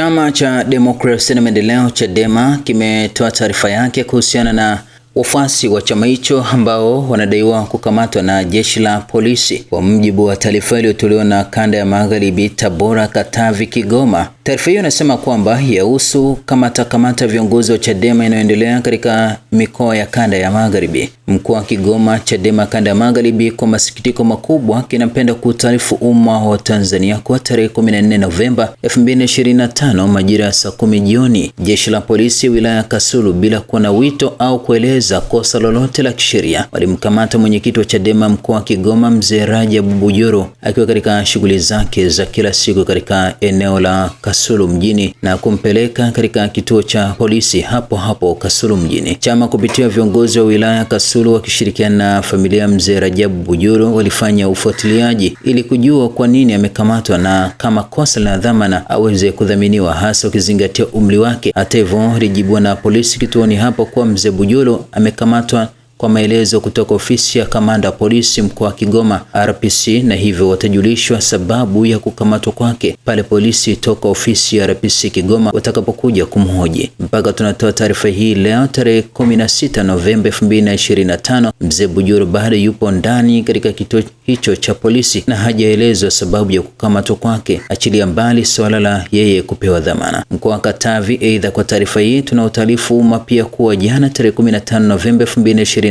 Chama cha Demokrasia na Maendeleo, Chadema kimetoa taarifa yake kuhusiana na Wafuasi wa chama hicho ambao wanadaiwa kukamatwa na jeshi la polisi, kwa mujibu wa taarifa iliyotolewa na kanda ya magharibi Tabora, Katavi, Kigoma. Taarifa hiyo inasema kwamba yahusu kamata kamata viongozi wa Chadema inayoendelea katika mikoa ya kanda ya magharibi. Mkoa wa Kigoma, Chadema kanda ya magharibi, kwa masikitiko makubwa kinapenda kuutaarifu umma wa Tanzania kwa tarehe 14 Novemba 2025 majira ya saa 10 jioni, jeshi la polisi wilaya ya Kasulu bila kuwa na wito au kueleza za kosa lolote la kisheria walimkamata mwenyekiti wa Chadema mkoa wa Kigoma mzee Rajabu Bujoro akiwa katika shughuli zake za kila siku katika eneo la Kasulu mjini na kumpeleka katika kituo cha polisi hapo hapo Kasulu mjini. Chama kupitia viongozi wa wilaya Kasulu wakishirikiana na familia mzee Rajabu Bujoro walifanya ufuatiliaji ili kujua kwa nini amekamatwa na kama kosa la dhamana aweze kudhaminiwa hasa ukizingatia umri wake. Hata hivyo, lijibiwa na polisi kituoni hapo kuwa mzee Bujoro amekamatwa kwa maelezo kutoka ofisi ya kamanda wa polisi mkoa wa Kigoma RPC, na hivyo watajulishwa sababu ya kukamatwa kwake pale polisi toka ofisi ya RPC Kigoma watakapokuja kumhoji. Mpaka tunatoa taarifa hii leo tarehe 16 Novemba 2025, mzee Bujuru bado yupo ndani katika kituo hicho cha polisi na hajaelezwa sababu ya kukamatwa kwake, achilia mbali swala la yeye kupewa dhamana. Mkoa wa Katavi, aidha, kwa taarifa hii tunaotaarifu umma pia kuwa jana tarehe 15 Novemba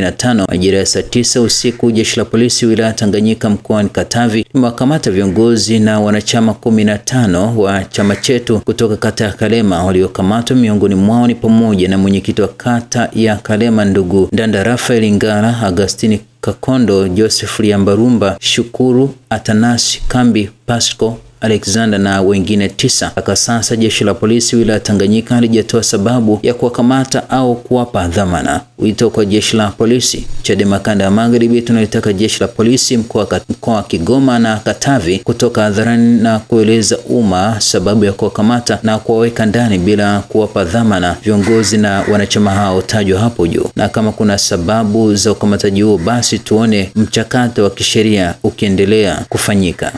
2025 majira ya saa tisa usiku, jeshi la polisi wilaya Tanganyika mkoani Katavi limewakamata viongozi na wanachama 15 wa chama chetu kutoka kata ya Kalema. Waliokamatwa miongoni mwao ni pamoja na mwenyekiti wa kata ya Kalema ndugu Ndanda Rafael Ngara, Agastini Kakondo, Joseph Liambarumba, Shukuru Atanasi Kambi, Pasco Alexander na wengine tisa. Mpaka sasa jeshi la polisi wilaya Tanganyika halijatoa sababu ya kuwakamata au kuwapa dhamana. Wito kwa jeshi la polisi Chadema kanda ya Magharibi, tunalitaka jeshi la polisi mkoa wa Kigoma na Katavi kutoka hadharani na kueleza umma sababu ya kuwakamata na kuwaweka ndani bila kuwapa dhamana viongozi na wanachama hao tajwa hapo juu, na kama kuna sababu za ukamataji huo, basi tuone mchakato wa kisheria ukiendelea kufanyika.